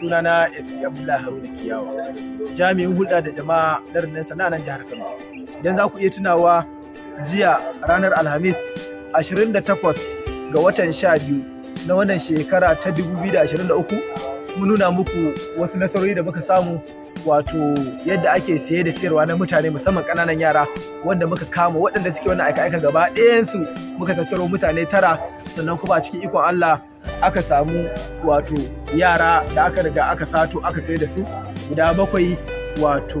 sunana SP Haruna Kiyawa jami'in hulɗa da jama'a na rundunar sana'a nan jihar Kano idan za ku iya tunawa jiya ranar Alhamis 28 ga watan 12 na wannan shekara ta 2023 mun nuna muku wasu nasarori da muka samu wato yadda ake saye da siyarwa na mutane musamman ƙananan yara wanda muka kama waɗanda suke wannan aika-aika gaba ɗayansu muka tattaro mutane tara sannan kuma a cikin ikon Allah aka samu wato yara da aka riga aka sato aka sai da su guda bakwai wato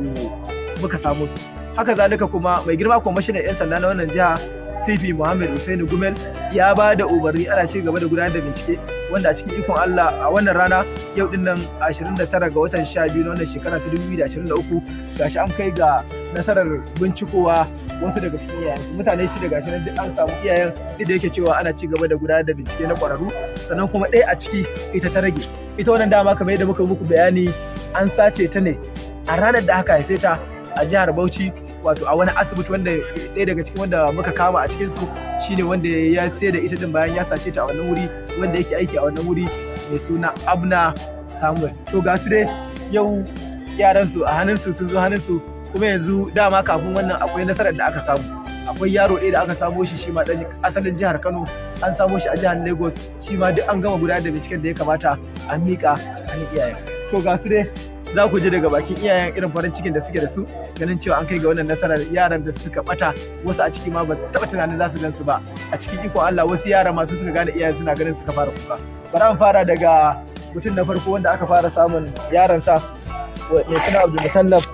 muka samu su haka zalika kuma mai girma kwamishinan 'yan sanda na wannan jiha cp muhammad Hussaini gumel ya ba da umarni ana ci gaba da gudanar da bincike wanda a cikin ikon allah a wannan rana yau din nan 29 ga watan 12 na wannan shekara ta 2023 gashi an kai ga nasarar bincikowa wasu daga cikin iyayen mutane shida daga shi duk an samu iyayen duk da yake cewa ana ci gaba da gudanar da bincike na kwararru sannan kuma ɗaya a ciki ita ta rage ita wannan dama kamar yadda muka muku bayani an sace ta ne a ranar da aka haife ta a jihar Bauchi wato a wani asibiti wanda ɗaya daga cikin wanda muka kama a cikin su shine wanda ya sayar da ita din bayan ya sace ta a wannan wuri wanda yake aiki a wannan wuri mai suna Abna Samuel to ga su dai yau yaran su a hannun su sun zo hannun su kuma yanzu dama kafin wannan akwai nasarar da aka samu akwai yaro ɗaya da aka samo shi shi ma ɗan asalin jihar Kano an samo shi a jihar Lagos shi ma duk an gama gudanar da binciken da ya kamata a miƙa an iyayen to ga su dai za ku ji daga bakin iyayen irin farin cikin da suke da su ganin cewa an kai ga wannan nasarar yaran da suka bata wasu a ciki ma ba su taba tunanin za su gan su ba a cikin iko Allah wasu yara masu suka gane iyayen suna ganin suka fara kuka bari an fara daga mutum na farko wanda aka fara samun yaran sa mai suna Abdul Musallaf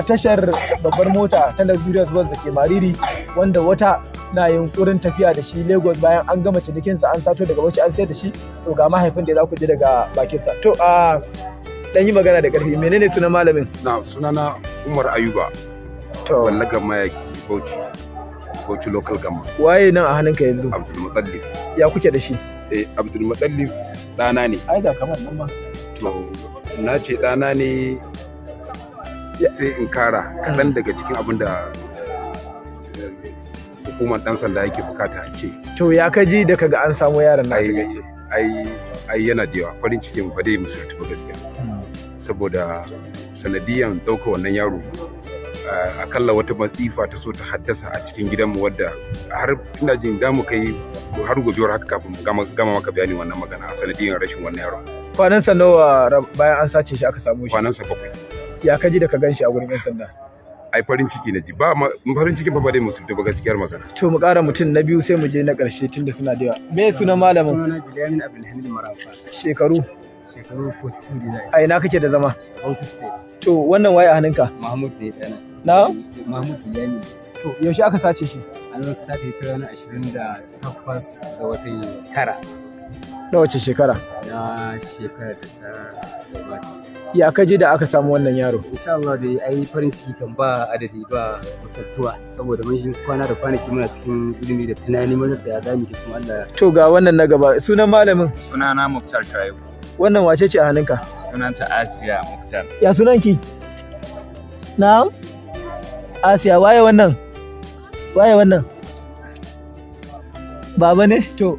a tashar babbar mota ta Luxurious Bus da ke Mariri wanda wata na yunkurin tafiya da shi Lagos bayan an gama sa an sato daga wacce an sayar da shi to ga mahaifin da za ku ji daga bakinsa to a ah, dan yi magana da ƙarfi, menene sunan malamin na sunana Umar Ayuba to wallagan mayaki Bauchi Bauchi local gama waye nan a hannunka yanzu Abdul Mutallif ya kuke da shi eh Abdul Mutallif dana ne ai da kamar nan ma to na ce dana ne sai in kara kaɗan mm. daga cikin abin da eh, hukumar ɗan sanda yake bukata ce. To ya ka ji da kaga an samu yaran na ai ai yana da yawa farin cikin ba dai musulunci ba gaskiya. Mm. saboda sanadiyan dauka wannan yaro ah, akalla wata matsifa ta so ta haddasa a cikin gidanmu wadda har ina jin damu kai har gujewar haka kafin gama maka bayani wannan magana a sanadiyan rashin wannan yaro. sa nawa bayan an sace shi aka samu shi? Kwanan sa bakwai. Ya ka ji da ka gan shi a gurin 'yan sanda? Ai farin ciki na ji ba farin cikin fa ba dai musulta ba gaskiyar magana. To mu ƙara mutum na biyu sai mu je na ƙarshe tunda suna da yawa. Me sunan malamin? Sunan Abdulhamid Marafa. Shekaru? Shekaru 42 A ina kake da zama? Bauchi State. To wannan waye a hannunka? Mahmud ne dana. Na? Mahmud Bilani. To yaushe aka sace shi? An sace ta ranar 28 ga watan tara. Na wace shekara? Na shekara da ta gabata. Ya ka ji da aka samu wannan yaro? Insha Allah dai ai farin ciki kan ba adadi ba masaltuwa? saboda mun shi kwana da kwanaki muna cikin ilimi da tunani mun tsaya da mu kuma Allah. To ga wannan na gaba sunan malamin? Sunana Muktar Shaibu. Wannan wace ce a hannunka? Sunanta Asiya Muktar. Ya sunanki? Na'am? Asiya waye wannan? Waye wannan? Baba ne? To,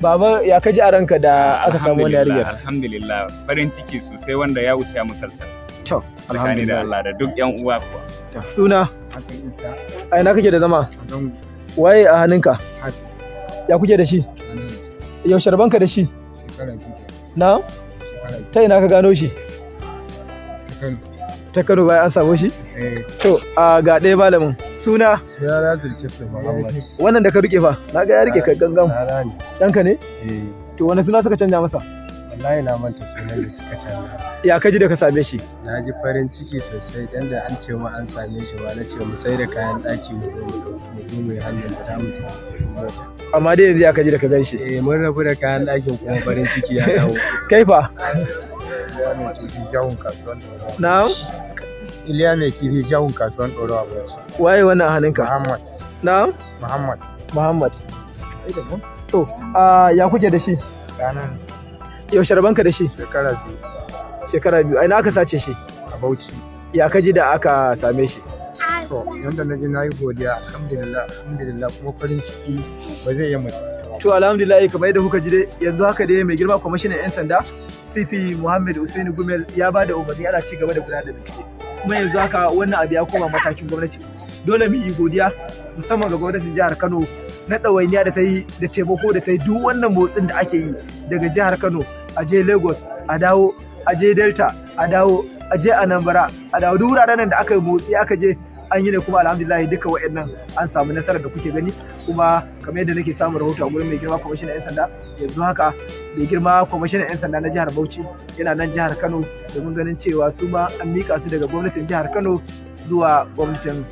Baba ya kaji a ranka da aka samu wani yarinyar? Alhamdulillah, farin ciki sosai wanda ya wuce a misalta. To, alhamdulillah. da Allah da duk yan uwa kuwa. Suna? Hassan Isa. A ina kake da zama? Zango. Waye a hannunka? Hafiz. Ya kuke da shi? Yau sharbanka da shi? Shekara na ta ina ka gano shi ta kano bayan an samu shi eh. to a ga ɗaya malamin suna suna muhammad wannan da ka rike fa na ga ya rike ka gangan ɗanka ne eh. to wani suna suka canja masa wallahi na manta sunan da suka canja Ya kaji da ka same shi? Na ji farin ciki sosai dan da an ce ma an same shi ba na ce mu sai da kayan ɗaki mu zo mu zo mu yi hanyar da za mu samu amma dai yanzu ya kaji da ka shi eh mun rabu da kayan ɗakin kuma farin ciki ya dawo kai fa Iliya mai kifi jahun kasuwan ɗorawa. Na'am? Iliya mai kifi jahun kasuwan ɗorawa bauchi. Waye wannan ka Muhammad. Na'am? Muhammad. Muhammad. To, ya kuke da shi? Ranar. Yaushe ka da shi? Shekara biyu. Shekara biyu. na aka sace shi? A Bauchi. Ya kaji da aka same shi? to yanda na ji na yi godiya alhamdulillah alhamdulillah kuma farin ciki ba zai yi mutu to alhamdulillah kamar yadda kuka ji dai yanzu haka dai mai girma kwamishinan 'yan sanda cp muhammad usaini gumel ya ba da umarni ana ci gaba da gudanar da bincike kuma yanzu haka wannan abu ya koma matakin gwamnati dole mu yi godiya musamman ga gwamnatin jihar kano na ɗawainiya da ta yi da taimako da ta yi duk wannan motsin da ake yi daga jihar kano a je lagos a dawo a je delta a dawo a je anambra a dawo duk wuraren da aka yi motsi aka je an yi ne kuma alhamdulillah duka wa'annan an samu nasarar da kuke gani kuma kamar yadda nake samun rahoto a gurin mai girma kwamishinan 'yan sanda yanzu haka mai girma kwamishinan 'yan sanda na jihar Bauchi yana nan jihar Kano domin ganin cewa su ma an mika su daga gwamnatin jihar Kano zuwa gwamnatin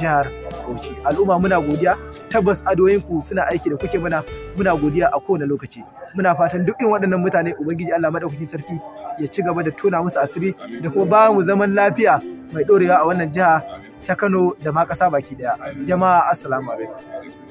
jihar Bauchi. Al'umma muna godiya tabbas adoyinku suna aiki da kuke mana muna godiya a kowane lokaci. Muna fatan duk in waɗannan mutane Ubangiji Allah Madaukakin Sarki ya ci gaba da tona musu asiri da kuma ba mu zaman lafiya mai ɗorewa a wannan jiha ta Kano da ma ƙasa baki ɗaya. Jama'a assalamu alaikum.